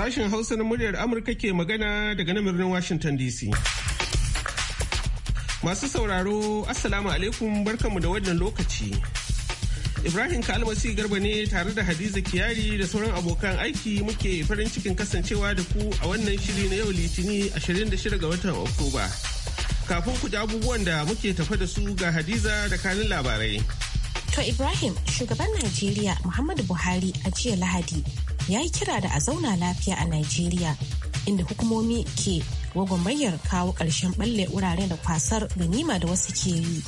Sashen Hausa na muryar Amurka ke magana daga na birnin Washington DC. Masu sauraro, Assalamu alaikum barkanmu da wannan lokaci. Ibrahim Kalmasi Garba ne tare da Hadiza Kiyari da sauran abokan aiki muke farin cikin kasancewa da ku a wannan shiri na yau Litini 26 ga watan Oktoba. Kafin ku ji abubuwan da muke tafa da su ga Hadiza da kanin labarai. To Ibrahim, shugaban Najeriya Muhammadu Buhari a jiya Lahadi ya yi kira da a zauna lafiya a Najeriya inda hukumomi ke wagwamayar kawo ƙarshen ɓalle wuraren da kwasar ganima da wasu ke yi.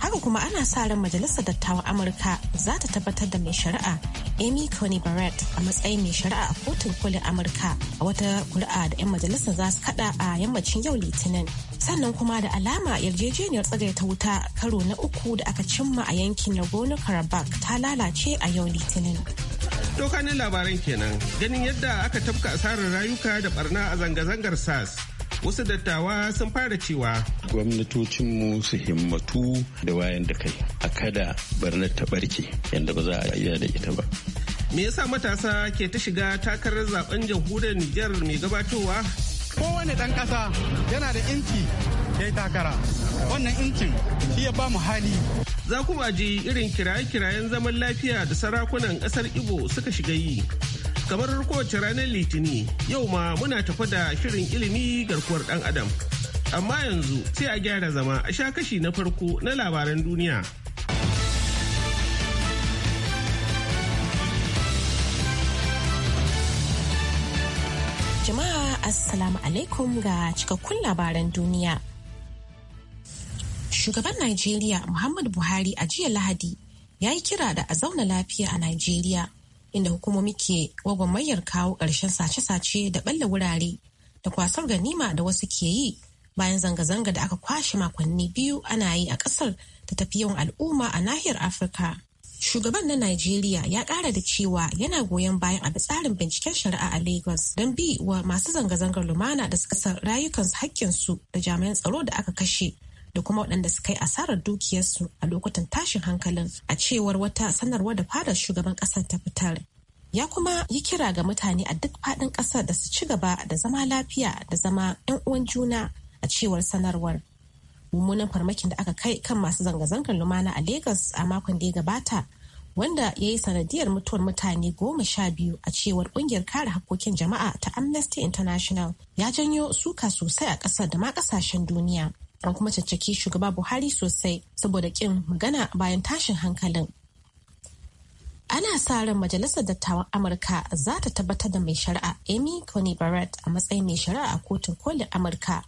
Haka kuma ana sa ran Majalisar Dattawan Amurka za ta tabbatar da mai shari'a Amy Coney Barrett a matsayin mai shari'a a kotun kolin Amurka a wata kuri'a da 'yan majalisar za su kada a yammacin yau Litinin. Sannan kuma da alama yarjejeniyar tsagaita wuta karo na uku da aka cimma a yankin Nagorno-Karabakh ta lalace a yau Litinin. Dokanin labaran kenan ganin yadda aka tafka asarar rayuka da barna a zanga-zangar SARS. Wasu dattawa sun fara cewa. Gwamnatocinmu su himmatu da wayan da kai a kada barnar ta barke yadda ba za a iya da ita ba. Me yasa matasa ke ta shiga takarar zaben jamhuriyar Nijar mai gabatowa? Kowane ɗan ƙasa yana da inci ya yi takara. Wannan incin shi ya ba mu hali za kuma ji irin kiraye-kirayen zaman lafiya da sarakunan ƙasar Igbo suka shiga yi. Kamar kowace ranar Litini, yau ma muna tafa da shirin ilimi garkuwar ɗan Adam. Amma yanzu sai a gyara zama a sha kashi na farko na labaran duniya. Jama'a Assalamu alaikum ga cikakkun labaran duniya. shugaban Najeriya Muhammadu Buhari a jiya Lahadi ya yi kira da a zauna lafiya a Najeriya inda hukumomi ke gwagwarmayar kawo ƙarshen sace-sace da ɓalla wurare da kwasar ganima da wasu ke yi bayan zanga-zanga da aka kwashe makonni biyu ana yi a ƙasar da tafi yawan al'umma a nahiyar Afirka. Shugaban na Najeriya ya ƙara da cewa yana goyon bayan a tsarin binciken shari'a a Lagos don bi wa masu zanga-zangar lumana da suka san rayukansu su da jami'an tsaro da aka kashe da kuma waɗanda suka yi asarar dukiyarsu a lokutan tashin hankalin a cewar wata sanarwar da fadar shugaban ƙasar ta fitar. Ya kuma yi kira ga mutane a duk faɗin ƙasar da su ci gaba da zama lafiya da zama 'yan uwan juna a cewar sanarwar. Mummunan farmakin da aka kai kan masu zanga-zangar lumana a Legas a makon da ya gabata wanda ya yi sanadiyar mutuwar mutane goma sha biyu a cewar kungiyar kare hakkokin jama'a ta amnesty international ya janyo suka sosai a ƙasar da ma ƙasashen duniya an kuma caccaki shugaba buhari sosai saboda kin magana bayan tashin hankalin ana sa ran majalisar dattawan amurka za ta tabbatar da mai shari'a amy coney barrett a matsayin mai shari'a a kotun kolin amurka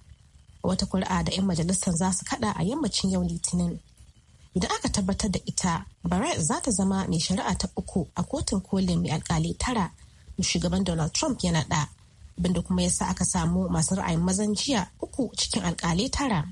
wata kuri'a da 'yan majalisar za su kada a yammacin yau litinin idan aka tabbatar da ita barrett za ta zama mai shari'a ta uku a kotun kolin mai alkali tara da shugaban donald trump ya naɗa abinda kuma ya sa aka samu masu ra'ayin mazan jiya uku cikin alkali tara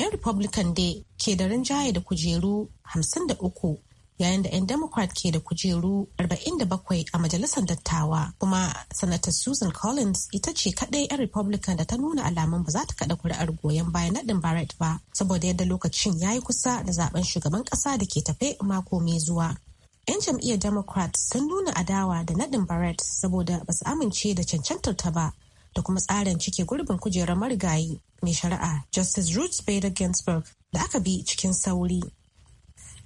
'yan republican dai ke da rinjaye da kujeru 53 yayin da 'yan democrat ke da kujeru 47 a majalisar dattawa kuma sanatar susan collins ita ce kadai 'yan republican da ta nuna alamun ba za ta kada kuri'ar goyon bayan nadin barrett ba saboda yadda lokacin ya yi kusa da zaben shugaban kasa da ke tafe mako mai zuwa 'yan jam'iyyar democrat sun nuna adawa da nadin barrett saboda ba su amince da cancantar ta ba da kuma tsarin cike gurbin kujerar marigayi mai shari'a Justice Ruth Bader Ginsburg da aka bi cikin sauri.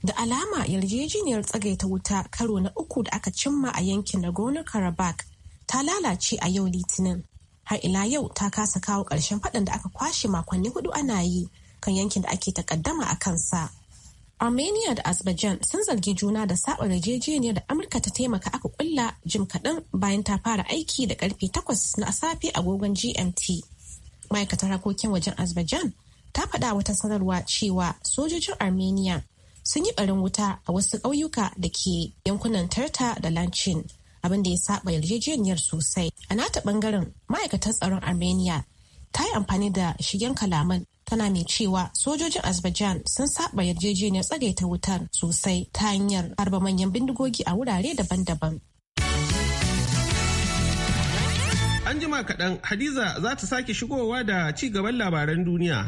Da alama yarjejeniyar tsagaita wuta karo na uku da aka cimma a yankin Nagorno-Karabakh ta lalace a yau Litinin. Har ila yau ta kasa kawo ƙarshen faɗan da aka kwashe makonni hudu ana yi kan yankin da ake takaddama a kansa. armenia da azerbaijan sun zargi juna da saba yarjejeniyar da amurka ta taimaka aka kulla jim kaɗan bayan ta fara aiki da ƙarfe takwas na safe agogon gmt ma'aikatar harkokin wajen azerbaijan ta faɗa wata sanarwa cewa sojojin armenia sun yi ɓarin wuta a wasu ƙauyuka da ke yankunan tarta da lancin abin da ya saba yarjejeniyar sosai a nata ɓangaren ma'aikatar tsaron armenia ta yi amfani da shigen kalaman tana mai cewa sojojin azerbaijan sun saba yarjejeniyar tsagaita ta wutar sosai ta hanyar harba manyan bindigogi a wurare daban-daban an jima kaɗan hadiza za ta sake shigowa da ci gaban labaran duniya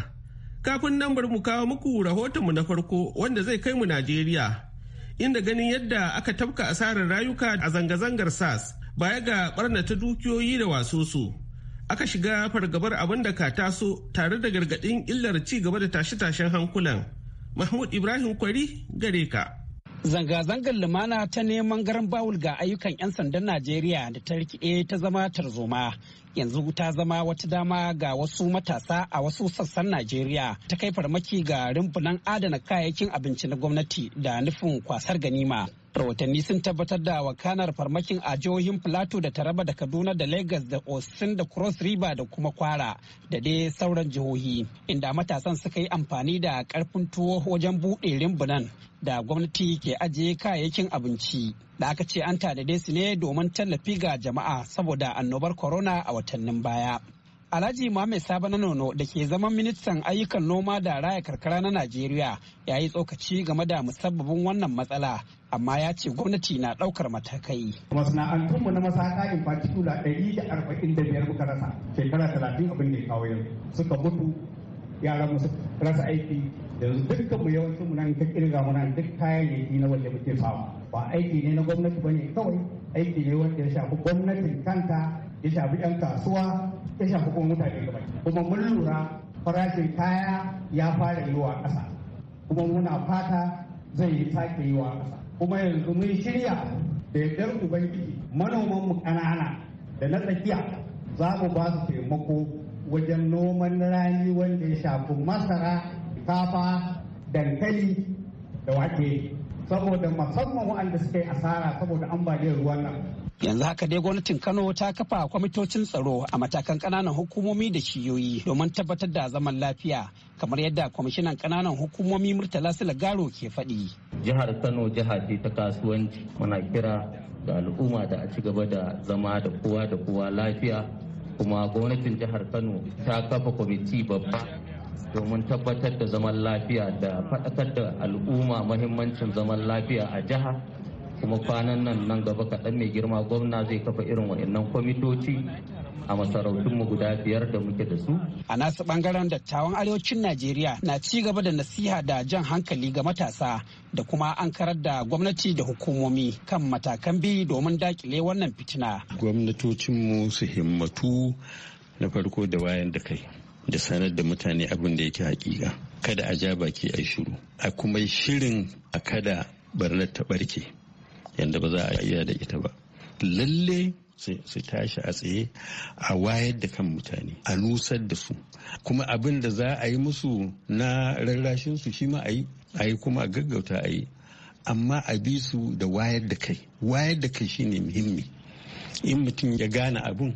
kafin nan bari mu kawo muku rahotonmu na farko wanda zai kai mu najeriya inda ganin yadda aka tafka asarar rayuka a zanga-zangar Sars, baya ga ɓarnata dukiyoyi da wasosu. aka shiga fargabar abin da ka taso tare da gargaɗin illar ci gaba da tashe-tashen hankulan. Mahmud Ibrahim Kwari gare ka. Zanga-zangar lumana ta neman garan bawul ga ayyukan 'yan sandan Najeriya da ta rikide ta zama tarzoma. Yanzu ta zama wata dama ga wasu matasa a wasu sassan Najeriya ta kai farmaki ga rumfunan adana kayayyakin abinci na gwamnati da nufin kwasar ganima. rahotanni sun tabbatar da wakanar farmakin a jihohin plateau da taraba da kaduna da lagos da osun da cross river da kuma kwara da dai sauran jihohi inda matasan suka yi amfani da karfin tuwo wajen buɗe rimbunan da gwamnati ke ajiye kayayyakin abinci da aka ce an dai su ne domin tallafi ga jama'a saboda annobar corona a watannin baya Alhaji Mohammed sabana na Nono da ke zaman ministan ayyukan noma da raya karkara na Najeriya ya yi tsokaci game da musabbabin wannan matsala amma ya ce gwamnati na ɗaukar matakai. Masana'antunmu na masaka in particular ɗari da arba'in da biyar muka rasa shekara talatin abin ya kawo yanzu suka mutu yaran mu rasa aiki yanzu dukkan mu yawancin mu nan ta kirga mu na duk kayayyaki na wanda muke samu ba aiki ne na gwamnati bane kawai aiki ne wanda ya shafi gwamnatin kanta ya shafi 'yan kasuwa ya shafi kuma mutane gaba kuma mun lura farashin kaya ya fara yiwa ƙasa kuma muna fata zai yi sake yi kuma yanzu mun shirya da yardar ubangiji manoman mu ƙanana da na tsakiya za mu ba su taimako wajen noman rani wanda ya shafi masara kafa dankali da wake saboda musamman waɗanda suka yi asara saboda ambaliyar ruwan nan yanzu haka dai gwamnatin kano ta kafa kwamitocin tsaro a matakan kananan hukumomi da shiyoyi domin tabbatar da zaman lafiya kamar yadda kwamishinan kananan hukumomi murtala silagaro ke faɗi jihar kano jiha ce ta kasuwanci muna kira ga al'umma da a ci gaba da zama da kowa da kowa lafiya kuma gwamnatin jihar kano ta kafa kwamiti babba domin tabbatar da zaman lafiya da faɗakar da al'umma mahimmancin zaman lafiya a jiha kuma kwanan nan nan gaba kaɗan mai girma gwamna zai kafa irin wa'annan kwamitoci a masarautunmu guda biyar da muke da su. A nasu bangaren dattawan arewacin Najeriya na ci gaba da nasiha da jan hankali ga matasa da kuma an karar da gwamnati da hukumomi kan matakan bi domin dakile wannan fitina. Gwamnatocinmu su himmatu na farko da wayan da kai da sanar da mutane abin da yake hakika. Kada a ja baki a shiru. A kuma shirin a kada barnar ta barke. yadda ba za a iya da ita ba lalle su tashi a tsaye a wayar da kan mutane a nusar da su kuma abin da za a yi musu na rarrashin su shi ma a yi kuma a gaggauta a yi amma a bi su da wayar da kai wayar da kai shine muhimmi in mutum ya gane abin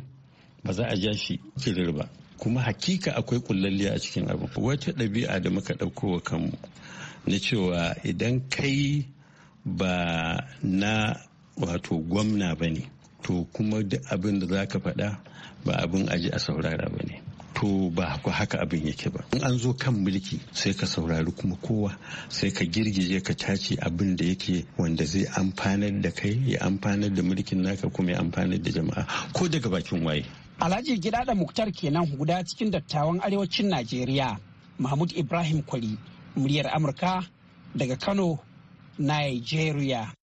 ba za a ja shi kirir ba kuma hakika akwai kullalliya a cikin abin wata ɗabi'a da muka ɗauko wa kanmu na cewa idan kai ba na wato gwamna ba ne to kuma duk abin da za ka faɗa ba abin aji a saurara ba ne to ba haka abin yake ba in an zo kan mulki sai ka saurari kuma kowa sai ka girgije ka tace abin da yake wanda zai amfanar da kai ya amfanar da mulkin naka kuma ya amfanar da jama'a ko daga bakin waye alhaji gida da muktar kenan guda cikin dattawan arewacin najeriya mahmud ibrahim kwari muryar amurka daga kano Nigeria.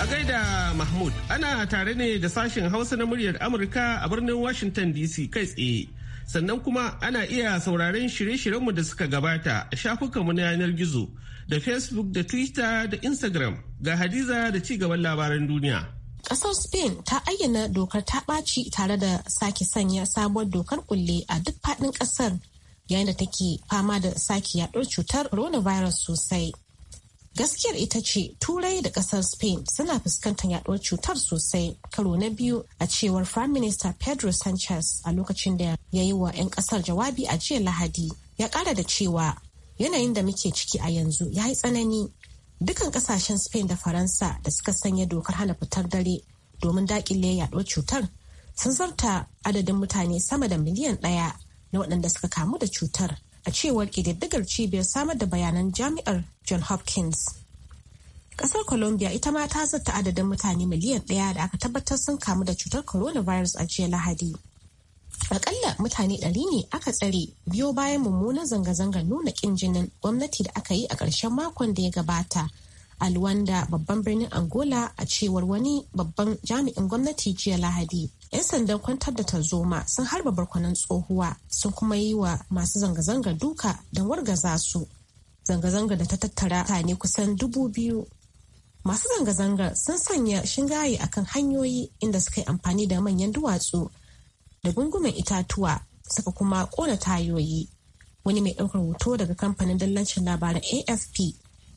A gaida Mahmud, ana tare ne da sashen Hausa na muryar Amurka a birnin Washington DC kai tsaye. Sannan kuma ana iya sauraron shirye-shiryenmu da suka gabata a shafukanmu na yanar gizo da Facebook da Twitter da Instagram ga Hadiza da ci gaban labaran duniya. Ƙasar Spain ta ayyana dokar ta ɓaci tare da sake sanya sabuwar dokar kulle a duk faɗin ƙasar yayin da take fama da sake yaɗuwar cutar coronavirus sosai. Gaskiyar ita ce Turai da ƙasar Spain suna fuskantar yaɗuwar cutar sosai karo na biyu a cewar Prime Minister Pedro Sanchez a lokacin da ya yi wa 'yan ƙasar jawabi a jiya Lahadi ya ƙara da cewa yanayin da muke ciki a yanzu ya yi tsanani Dukan kasashen Spain da Faransa da suka sanya dokar hana fitar dare domin dakile yaɗuwar cutar sun zarta adadin mutane sama da miliyan ɗaya na waɗanda suka kamu da cutar a cewar ƙididdigar cibiyar samar da bayanan jami'ar John Hopkins. Ƙasar Colombia ita ma ta zarta adadin mutane miliyan ɗaya da aka tabbatar sun kamu da cutar coronavirus a jiya Lahadi. aƙalla mutane ɗari ne aka tsare biyo bayan mummunan zanga-zangar nuna ƙin jinin gwamnati da aka yi a ƙarshen makon da ya gabata a luwanda babban birnin angola a cewar wani babban jami'in gwamnati jiya lahadi 'yan sandan kwantar da tarzoma sun harba barkwanan tsohuwa sun kuma yi wa masu zanga-zangar duka don wargaza su zanga-zangar da ta tattara mutane kusan dubu biyu masu zanga-zangar sun sanya shingaye akan hanyoyi inda suka yi amfani da manyan duwatsu da gungumen itatuwa suka kuma kona tayoyi wani mai ɗaukar hoto daga kamfanin dallancin labaran afp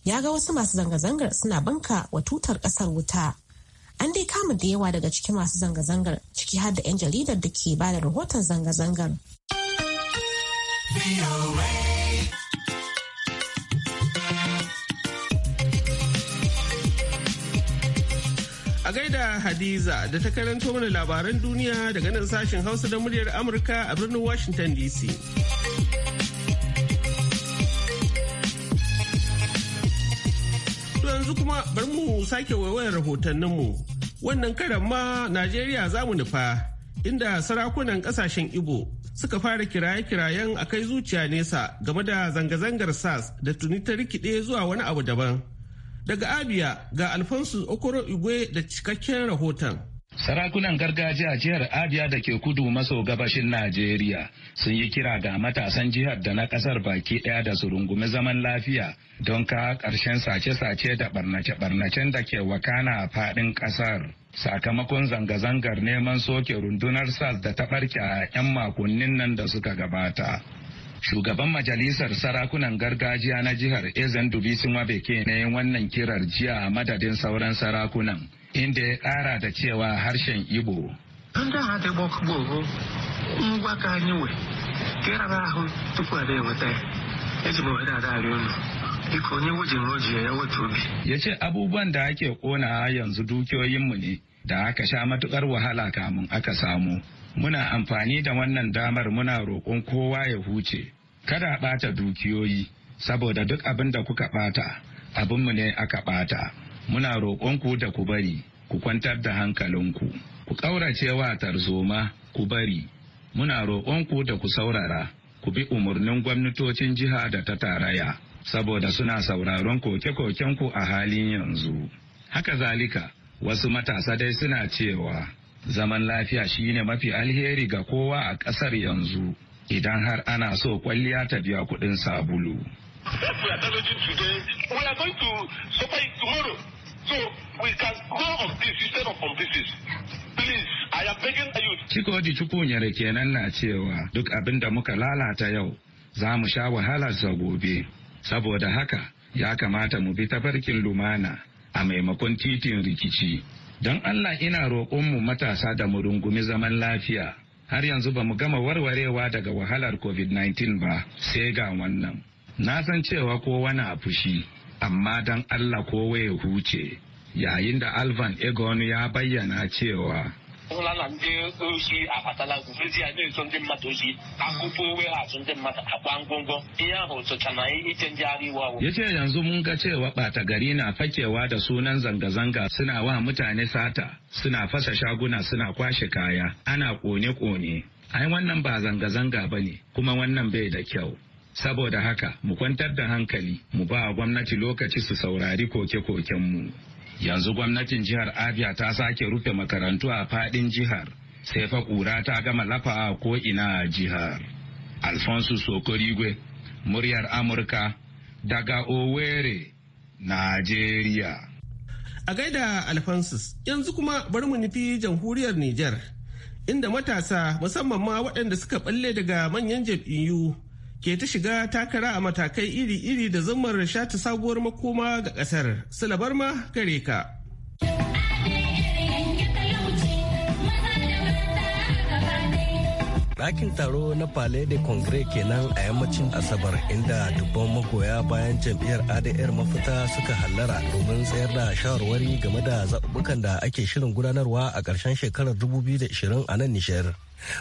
ya ga wasu masu zanga-zangar suna banka wa tutar ƙasar wuta an dai kama da yawa daga cikin masu zanga-zangar ciki har da 'yan jaridar da ke ba da rahoton zanga-zangar. A gaida Hadiza da ta karanto mana labaran duniya daga nan sashen Hausa da muryar Amurka a birnin Washington DC. yanzu kuma bar mu sake waiwayar rahotanninmu. Wannan karan ma Najeriya za mu nufa inda sarakunan kasashen Igbo suka fara kiraye-kirayen a kai zuciya nesa game da zanga-zangar SARS da tuni ta rikide zuwa wani abu daban. Daga Abia ga Alfonso Okoro Igwe da cikakken rahoton. Sarakunan gargajiya jihar Abia da ke kudu maso gabashin Najeriya sun yi kira ga matasan jihar da na kasar baki daya da su rungumi zaman lafiya don ka ƙarshen sace-sace da barnace-barnacen da ke wakana a faɗin ƙasar. Sakamakon zanga-zangar neman soke rundunar sas da ta ɓarke a 'yan makonnin nan da suka gabata. Shugaban majalisar sarakunan gargajiya na jihar Ezen Dubisin Wabeke na yin wannan kirar jiya a madadin sauran sarakunan, inda ya kara da cewa harshen Igbo. ya Ya ce abubuwan da ake kona yanzu dukiyoyinmu ne da aka sha matukar wahala kamun aka samu. muna amfani da wannan damar muna roƙon kowa ya huce kada ɓata dukiyoyi saboda duk abin da kuka ɓata abinmu ne aka ɓata muna roƙonku da ku bari ku kwantar da hankalinku ku ƙaurace wa tarzoma ku bari muna roƙonku da ku saurara ku bi umarnin gwamnatocin jiha da ta taraya saboda suna sauraron koke-kokenku a halin yanzu haka zalika wasu matasa dai suna cewa zaman lafiya shine mafi alheri ga kowa a ƙasar yanzu idan har ana so kwalliya ta biya kuɗin sabulu. Ciko di Chukwunyere kenan na cewa duk abin da muka lalata yau za mu sha wahalarsa gobe. Saboda haka ya kamata mu bi tafarkin lumana a maimakon titin rikici. Don Allah ina roƙonmu matasa da mu rungumi zaman lafiya. Har yanzu ba mu gama warwarewa daga wahalar COVID-19 ba sai ga wannan. Na san cewa kowa na fushi, amma don Allah kowa ya huce. Yayin da Alvan Egon ya bayyana cewa yace na ndị a na-eso ndị mmadụ akụpụ ndị mmadụ ngwongwo ihe ahụ na ndị iwu awụ ya yanzu mun ga cewa ɓata gari na fakewa da sunan zanga-zanga suna wa mutane sata suna fasa shaguna suna kwashe kaya ana kone-kone ai wannan ba zanga-zanga ba ne kuma wannan bai da kyau saboda haka mu kwantar da hankali mu ba gwamnati lokaci su saurari koke-kokenmu yanzu gwamnatin jihar abia ta sake rufe makarantu a fadin jihar sai fa kura ta gama lafa ko ina a jihar alfonso sokorigwe muryar amurka daga owerri nigeria a gaida alfonsus yanzu kuma bari mu nufi jamhuriyar niger inda matasa musamman ma waɗanda suka balle daga manyan jam'iyyu ke ta shiga takara a matakai iri-iri da zammar shata sabuwar makoma ga kasar. Silabar ma gare ka. ɗakin taro na palais de congrès kenan a yammacin asabar inda dubban magoya bayan jam'iyyar adr mafita suka hallara domin tsayar da shawarwari game da zaɓuɓɓukan da ake shirin gudanarwa a ƙarshen shekarar 2020 a nan nishiyar.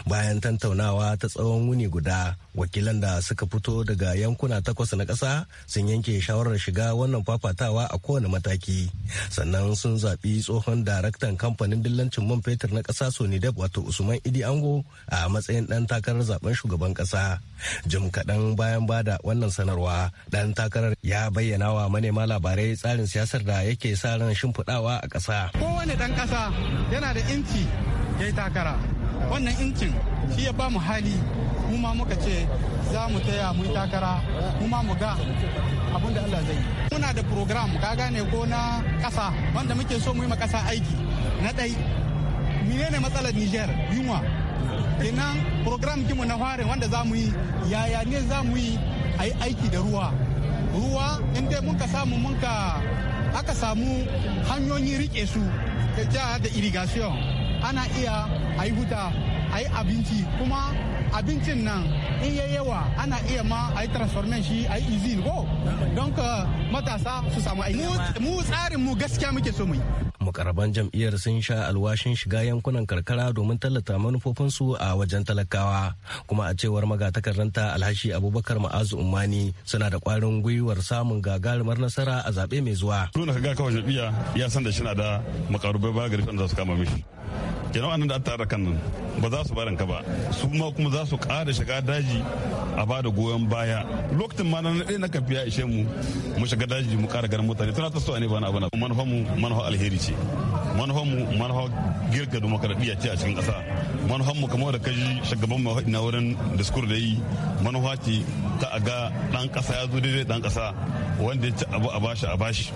bayan tantaunawa ta tsawon wuni guda wakilan da suka fito daga yankuna takwas na ƙasa sun yanke shawarar shiga wannan fafatawa a kowane mataki sannan sun zaɓi tsohon daraktan kamfanin dillancin man fetur na ƙasa sonidab wato usman idi ango a matsayin ɗan takarar zaben shugaban ƙasa jim kaɗan bayan bada wannan sanarwa ɗan takarar ya bayyana wa manema labarai tsarin siyasar da yake sa ran shimfiɗawa a ƙasa kowane ɗan ƙasa yana da inci ya yi takara wannan incin shi ya ba mu hali mu ma muka ce za mu taya mu takara mu ma mu ga abin da Allah zai yi muna da program ka gane ko na kasa wanda muke so mu yi makasa aiki na ɗai menene matsalar Niger yunwa kenan program kimu na farin wanda za mu yi yaya ne za mu yi a aiki da ruwa ruwa inda mun ka samu mun ka aka samu hanyoyin rike su ta da irrigation ana iya a yi huta a yi abinci kuma abincin nan in ya yawa ana iya ma a yi transformation shi a yi izin ko don ka matasa su samu aiki mu tsarin mu gaskiya muke so mu yi mukarraban jam'iyyar sun sha alwashin shiga yankunan karkara domin tallata manufofinsu a wajen talakawa kuma a cewar magatakarranta alhashi abubakar ma'azu umani suna da kwarin gwiwar samun gagarumar nasara a zaɓe mai zuwa. Dole ka ga kawai jam'iyya ya san da shi na da makarubai ba gari da su kama mishi. kenan nan da tara kan nan ba za su ka ba su ma kuma za su kara shiga daji a ba da goyon baya lokacin ma na ɗaya na kafi ya ishe mu mu shiga daji mu kara ganin mutane tana ta so ne ba na abana manufan mu manufan alheri ce manufan mu manufan girka demokaradiyya ce a cikin ƙasa manufan mu kamar da kaji shagaban mu na wurin diskur da yi manufa ce ta aga ɗan ƙasa ya zo daidai ɗan ƙasa wanda ya ci abu a bashi a bashi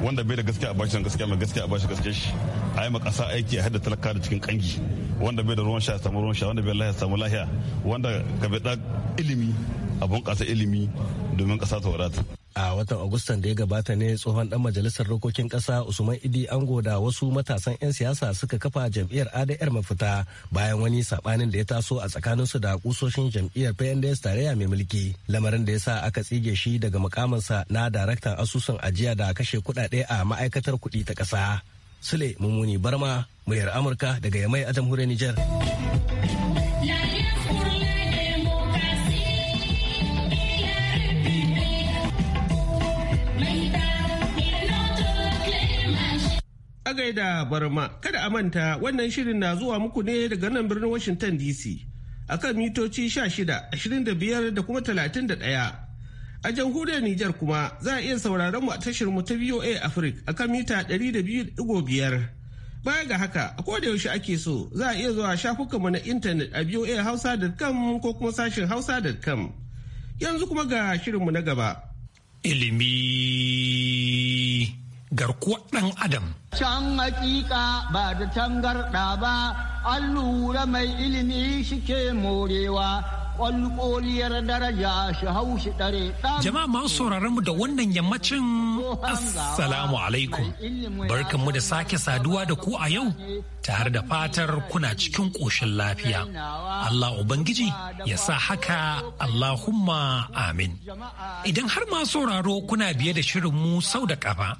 wanda bai da gaskiya a bashi gaskiya mai gaskiya a bashi gaskiya shi a yi ma kasa aiki a hada talaka da cikin kangi wanda bai da ruwan sha samu ruwan sha wanda bai lahiya samu lahiya wanda ka bai da ilimi a bunƙasa ilimi domin ƙasa ta wadata a watan agustan da ya gabata ne tsohon dan majalisar dokokin kasa usman idi ango da wasu matasan 'yan siyasa suka kafa jam'iyyar adr mafita bayan wani sabanin da ya taso a tsakaninsu da kusoshin jam'iyyar pnds tarayya mai mulki lamarin da ya sa aka tsige shi daga mukaminsa na daraktan asusun ajiya da kashe kudade a ma'aikatar kuɗi ta ƙasa sule mummuni barma muryar amurka daga yamai a jamhuriyar niger A da barma, kada a manta wannan shirin na zuwa muku ne daga nan birnin Washington DC. akan mitoci 16, 25 da kuma 31. A jamhuriyar Nijar kuma za a iya sauraron mu a tashar mu ta VOA Africa akan mita 200.5. Baya ga haka, a koda yaushe ake so za a iya zuwa mu na intanet a VOA hausa.com ko kuma sashin hausa.com. Yanzu kuma ga shirin mu na gaba. Ilimi garkuwar ɗan adam. Can hakika ba da tangarɗa ba, an lura mai ilimi shi ke morewa. ƙwalƙoliyar daraja shi hau shi ɗare Jama'a ma sauraron mu da wannan yammacin Assalamu alaikum. Barkanmu da sake saduwa da ku a yau tare da fatar kuna cikin ƙoshin lafiya. Allah Ubangiji ya sa haka Allahumma amin. Idan har ma sauraro kuna biye da shirin mu sau da ƙafa.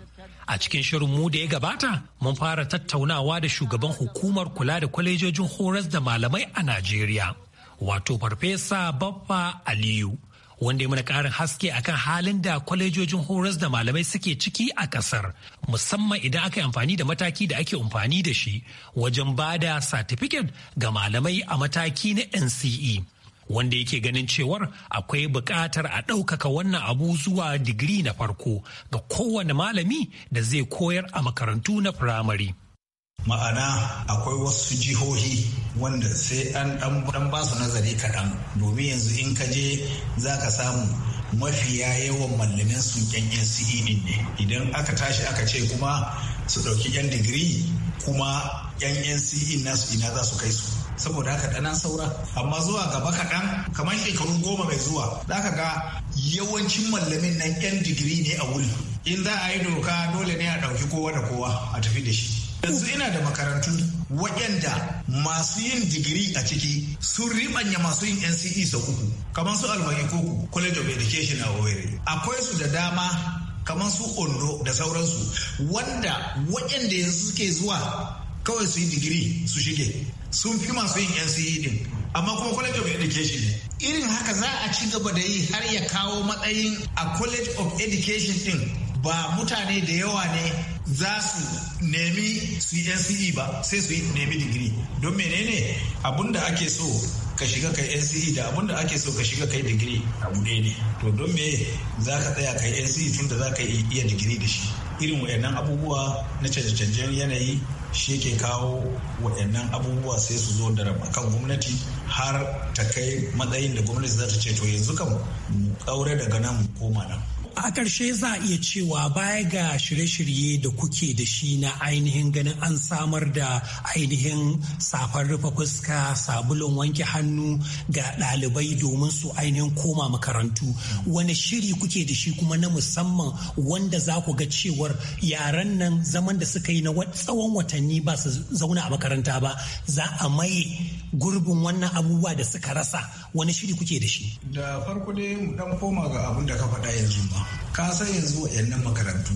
A cikin shirin mu da ya gabata, mun fara tattaunawa da shugaban hukumar kula da kwalejojin horas da malamai a Najeriya, wato Farfesa Baffa Aliyu, wanda ya mana ƙarin haske akan halin da kwalejojin horas da malamai suke ciki a ƙasar, musamman idan aka yi amfani da mataki da ake amfani da shi wajen ba da satifiket ga malamai a mataki na NCE. wanda yake ganin cewar akwai buƙatar a ɗaukaka wannan abu zuwa digiri na farko ga kowane malami da zai koyar a makarantu na firamare. ma'ana akwai wasu jihohi wanda sai an dan ba su nazari kaɗan domin yanzu in ka je za ka samu mafiya yawan mallamin su yan NCE ne idan aka tashi aka ce kuma su ɗauki yan digiri kuma yan nce nasu ina za su kai su saboda haka ɗanan saura amma zuwa gaba kaɗan kamar shekaru goma mai zuwa za ka ga yawancin mallamin nan yan digiri ne a wuri in za a yi doka dole ne a ɗauki kowa da kowa a tafi da shi yanzu ina da makarantu waɗanda masu yin digiri a ciki sun riɓanya masu yin nce sau uku kamar su albani koko college of education a owerri akwai su da dama kamar su ondo da sauransu wanda waɗanda yanzu suke zuwa kawai su yi digiri su shige sun fi masu yin NCE din amma kuma college of education ne irin haka za a ci gaba da yi har ya kawo matsayin a college of education din ba mutane da yawa ne za su nemi su yi NCE ba sai su yi nemi digiri don menene abun da ake so ka shiga kai NCE da abun da ake so ka shiga kai digiri a ne to don me za ka tsaya kai NCE tun da za ka iya digiri da shi irin wayannan abubuwa na canje-canjen yanayi shi ke kawo waɗannan abubuwa sai su zo da kan gwamnati har ta kai matsayin da gwamnati za ta ce to yanzu mu ƙaure daga nan mu koma nan a ƙarshe za a iya cewa baya ga shirye-shirye da kuke da shi na ainihin ganin an samar da ainihin safar rufe fuska sabulun wanke hannu ga ɗalibai domin su ainihin koma makarantu wani shiri kuke da shi kuma na musamman wanda za ku ga cewar yaran nan zaman da suka yi na tsawon watanni ba su zauna a makaranta ba za a maye gurbin wannan abubuwa da suka rasa wani shiri kuke da shi da farko dai mu dan koma ga abin da ka faɗa yanzu ba. ka san yanzu wayannan makarantu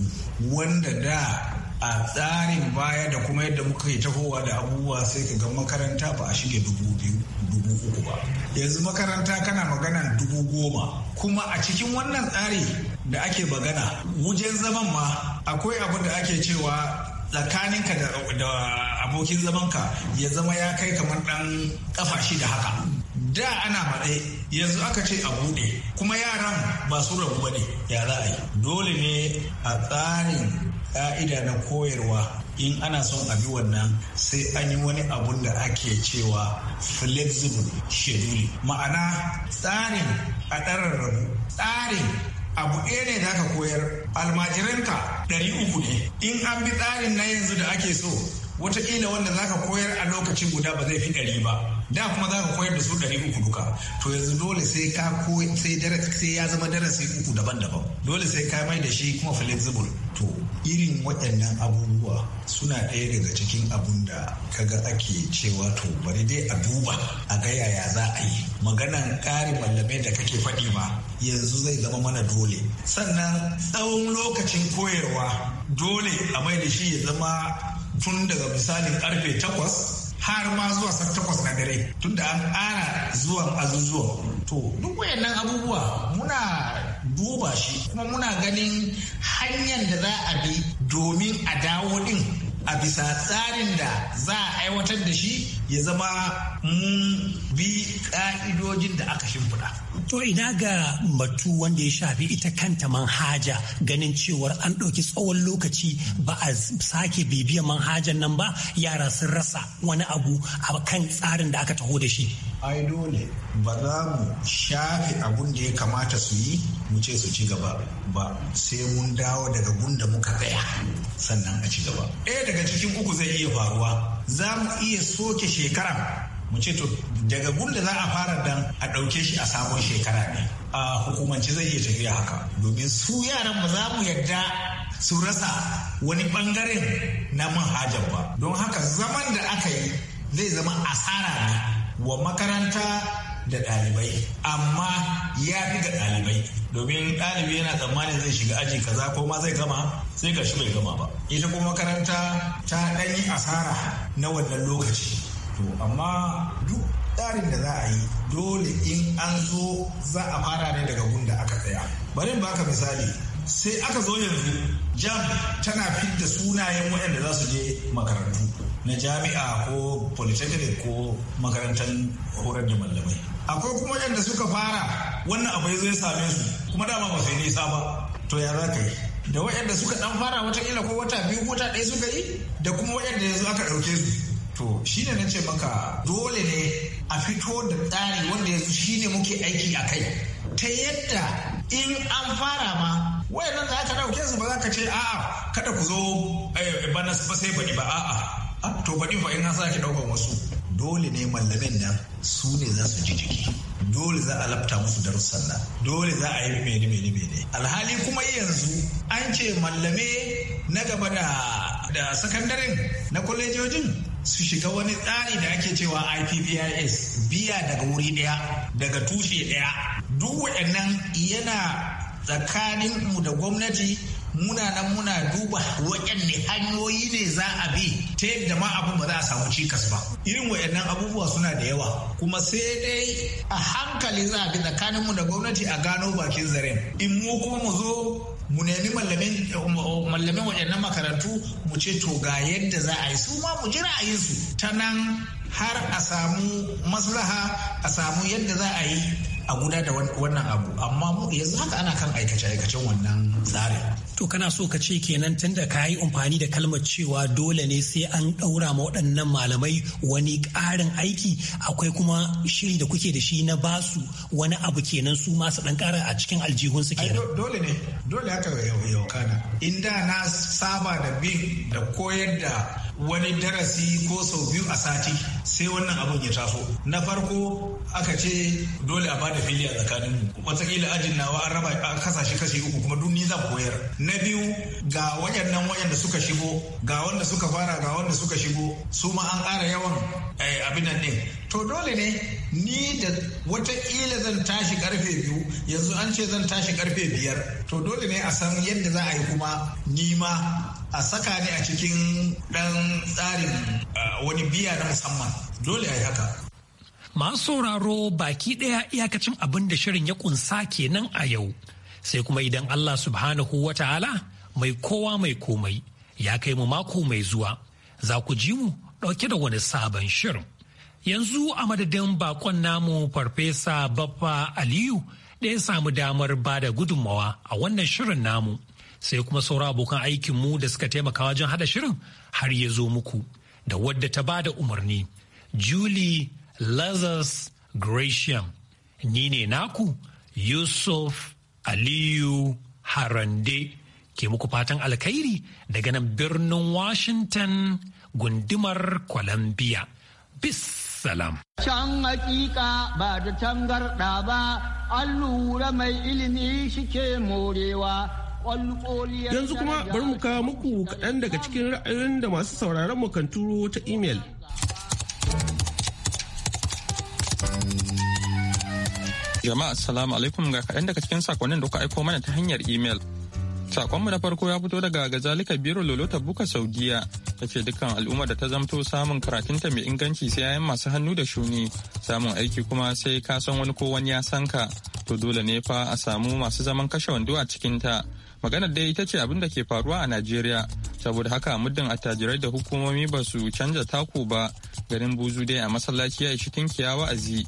wanda da a tsarin baya da kuma yadda muka yi tahowa da abubuwa sai ka ga makaranta ba a shige dubu biyu dubu uku ba yanzu makaranta kana magana dubu goma kuma a cikin wannan tsari da ake magana wajen zaman ma akwai abin da ake cewa tsakaninka da abokin zamanka ya zama ya kai kamar ɗan ƙafa shida haka da ana matsayi. yanzu aka ce a bude. kuma yaran ba su rabu ba ne ya za a yi dole ne a tsarin ƙa'ida na koyarwa in ana son a bi wannan sai an yi wani abun da ake cewa flexible schedule ma'ana tsarin a ɗararrabu tsarin abu ɗaya ne za ka koyar almajiranka ɗari uku ne in an bi tsarin na yanzu da ake so watakila wanda ka koyar a lokacin guda ba zai fi ɗari ba da kuma za ka koyar da su ɗari uku duka to yanzu dole sai ka sai sai ya zama darasi uku daban-daban dole sai ka mai da shi kuma flexible to irin waɗannan abubuwa suna ɗaya daga cikin abun da kaga ake cewa to bari dai a duba a ga yaya za a yi maganan ƙarin malamai da kake faɗi ma yanzu zai zama mana dole sannan tsawon lokacin koyarwa dole a mai da shi ya zama tun daga misalin karfe takwas har ma zuwa san takwas na dare tun da an ƙara zuwan azuzuwa to duk wayannan abubuwa muna duba shi kuma muna ganin hanyar da za a bi domin a dawo din a bisa tsarin da za a aiwatar da shi ya zama mun bi ka'idojin da aka shimfiɗa. To ina ga batu wanda ya shafi ita kanta manhaja ganin cewar an ɗauki tsawon lokaci ba a sake bibiyar manhajan nan ba yara sun rasa wani abu a kan tsarin da aka taho da shi. Ai dole ba za mu shafe abun da ya kamata su yi mu ce su ci gaba ba sai mun dawo daga gunda muka tsaya sannan a ci gaba. Ɗaya daga cikin uku zai iya faruwa za mu iya soke shekara mu ce to daga gunda za a fara dan a ɗauke shi a sabon shekara ne a hukumance zai iya tafiya haka domin su yaran ba za mu yarda su rasa wani bangaren na manhajar ba don haka zaman da aka yi zai zama asara ne wa makaranta da ɗalibai amma ya fi ga ɗalibai domin ɗalibi yana tsammanin zai shiga aji kaza ko ma zai gama sai ka shi bai gama ba ita kuma makaranta ta ɗan yi asara na wannan lokaci to amma duk tsarin da za a yi dole in an zo za a fara ne daga gunda aka tsaya bari in baka misali sai aka zo yanzu jam tana fidda sunayen waɗanda za su je makarantu na jami'a ko polytechnic ko makarantar horar da malamai akwai kuma waɗanda suka fara wannan abu ya zo ya same su kuma dama ba su yi nisa ba to ya za ka yi da waɗanda suka dan fara ila ko wata biyu wata ɗaya suka yi da kuma waɗanda yanzu aka ɗauke su to shi ne na ce maka dole ne a fito da tsari wanda yanzu shi ne muke aiki a kai ta yadda in an fara ma wayannan za aka ɗauke su ba za ka ce a'a kada ku zo eh, bana ba sai baɗi ba a'a ah, to baɗi fa in an sake ɗaukan wasu dole ne mallamin nan su ne za su ji jiki dole za a lafta musu darussan nan dole za a yi mene mene mene alhali kuma yanzu an ce mallame na gaba da da sakandaren na kwalejojin su shiga wani tsari da ake cewa IPPIS biya daga wuri daya daga tushe daya duk waɗannan yana tsakanin mu da gwamnati muna nan muna duba waɗanne hanyoyi ne za a bi ta yadda ma abin ba za a samu cikas ba irin waɗannan abubuwa suna da yawa kuma sai dai a hankali za a bi tsakaninmu da gwamnati a gano bakin zaren in mu kuma mu zo mu nemi mallamin waɗannan makarantu mu ce to ga yadda za a yi su ma mu ji ra'ayinsu ta nan har a samu maslaha a samu yadda za a yi a guda da wannan abu amma yanzu haka ana kan aikace-aikacen wannan tsarin To kana so ka ce kenan tunda ka yi amfani da kalmar cewa dole ne sai an ɗaura ma waɗannan malamai wani ƙarin aiki akwai kuma shiri da kuke da shi na basu wani abu kenan su masu ɗan ƙara a cikin aljihun su kenan. Dole ne, dole haka yau kana. Inda na saba da bin da koyar da wani darasi ko sau biyu a sati sai wannan abin ya taso na farko aka ce dole a bada fili a tsakanin mu wataƙila ajin nawa an raba an kasashe kashi uku kuma duk ni zan koyar na biyu ga wayannan wayanda suka shigo ga wanda suka fara ga wanda suka shigo su ma an ƙara yawan eh, abin nan din to dole ne ni da wataƙila zan tashi karfe biyu yanzu an ce zan tashi karfe biyar to dole ne a san yadda za a yi kuma ni ma a saka ni a cikin ɗan tsarin wani biya na musamman dole a yi haka masu sauraro baki ɗaya iyakacin abin da shirin ya kunsa kenan a yau sai kuma idan Allah subhanahu wa ta'ala mai kowa mai komai ya kai mu mako mai zuwa za ku ji mu ɗauke da wani sabon shirin yanzu a madadin bakon namu farfesa baffa aliyu da ya samu damar bada da gudunmawa a wannan shirin namu sai kuma sauran abokan aikinmu da suka taimaka wajen hada shirin har ya zo muku da wadda ta bada umarni julie lazarus gratiam ni ne naku yusuf aliyu harande ke muku fatan alkhairi daga nan birnin washington gundumar columbia bis salam. Can hakika ba da tangarda ba, an lura mai ilimi shike morewa Yanzu kuma bari mu kawo muku kaɗan daga cikin ra'ayoyin da masu sauraron mu kan turo ta imel. Jama'a assalamu alaikum ga kaɗan daga cikin sakonnin da kuka aiko mana ta hanyar imel. Sakonmu na farko ya fito daga gazalika biro ta buka saudiya ta ce dukkan al'umma da ta zamto samun karatunta mai inganci sai yayan masu hannu da shuni samun aiki kuma sai ka san wani ko wani ya san ka to dole ne fa a samu masu zaman kashe wando a cikin ta. maganar dai ita ce abin da ke faruwa a najeriya saboda haka muddin attajirai da hukumomi ba su canza taku ba garin buzu dai a masallaci ya ishi tinkiya wa'azi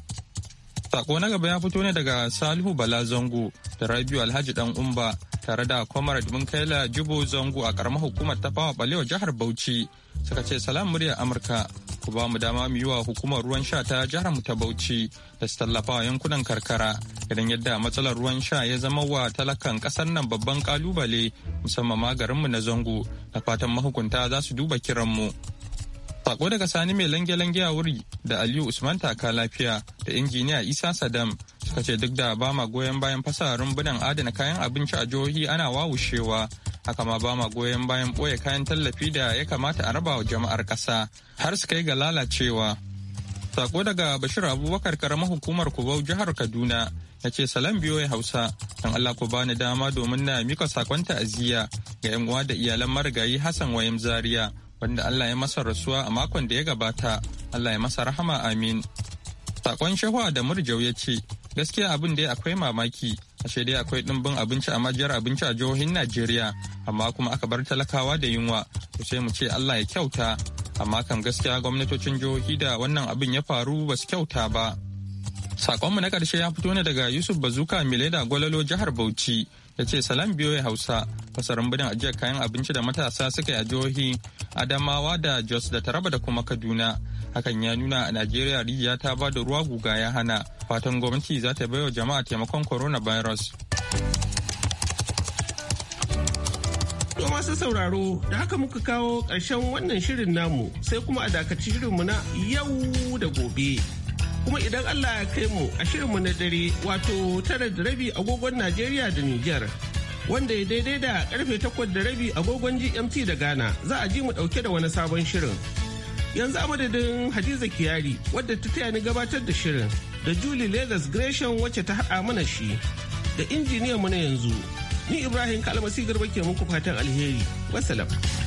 sako na gaba ya fito ne daga salihu bala zango da rabiu alhaji dan umba tare da comrade munkaila jubo zango a karamar hukumar ta tafawa balewa jihar bauchi suka ce salam murya amurka ku ba mu dama mu yi wa hukumar ruwan sha ta jihar mu ta bauchi da su tallafa wa yankunan karkara idan yadda matsalar ruwan sha ya zama wa talakan kasar nan babban kalubale musamman ma garinmu na zango da fatan mahukunta za su duba kiranmu. mu Sako daga Sani mai lange-lange a wuri da Aliyu Usman taka lafiya da injiniya Isa Sadam suka ce duk da ba ma goyon bayan fasa rumbunan adana kayan abinci a jihohi ana wawushewa haka ma ba ma goyon bayan ɓoye kayan tallafi da ya kamata a raba wa jama'ar ƙasa har su kai ga lalacewa. Sako daga Bashir Abubakar karamar hukumar Kubau jihar Kaduna ya ce salam biyo ya Hausa don Allah ku bani dama domin na mika sakon ta'aziyya ga 'yan uwa da iyalan marigayi Hassan Wayam Zaria wanda Allah ya masa rasuwa a makon da ya gabata Allah ya masa rahama amin sakon shehuwa da murjau ya ce gaskiya abin da akwai mamaki ashe dai akwai ɗimbin abinci a majiyar abinci a jihohin najeriya amma kuma aka bar talakawa da yunwa to sai mu ce allah ya kyauta amma kan gaskiya gwamnatocin jihohi da wannan abin ya faru ba su kyauta ba sakonmu na ƙarshe ya fito ne daga yusuf bazuka mileda gwalalo jihar bauchi ya ce salam ya hausa fasarin bidan ajiyar kayan abinci da matasa suka yi a jihohi adamawa da jos da taraba da kuma kaduna hakan ya nuna a najeriya rijiya ta ba da ruwa guga ya hana fatan gwamnati za ta wa jama'a taimakon coronavirus masu sauraro da haka muka kawo ƙarshen wannan shirin namu sai kuma a dakaci shirinmu na yau da gobe. kuma idan Allah ya kai mu a shirinmu na dare wato tara da rabi agogon Najeriya da Nijar. Wanda ya daidai da karfe takwas da rabi agogon GMT da Ghana za a ji mu dauke da wani sabon shirin. Yanzu a madadin Hadiza Kiyari wadda ta taya ni gabatar da shirin da Julie Leathers Gresham wacce ta haɗa mana shi da injiniyan mu na yanzu. Ni Ibrahim Kalmasi Garba ke muku fatan alheri. Wassalam.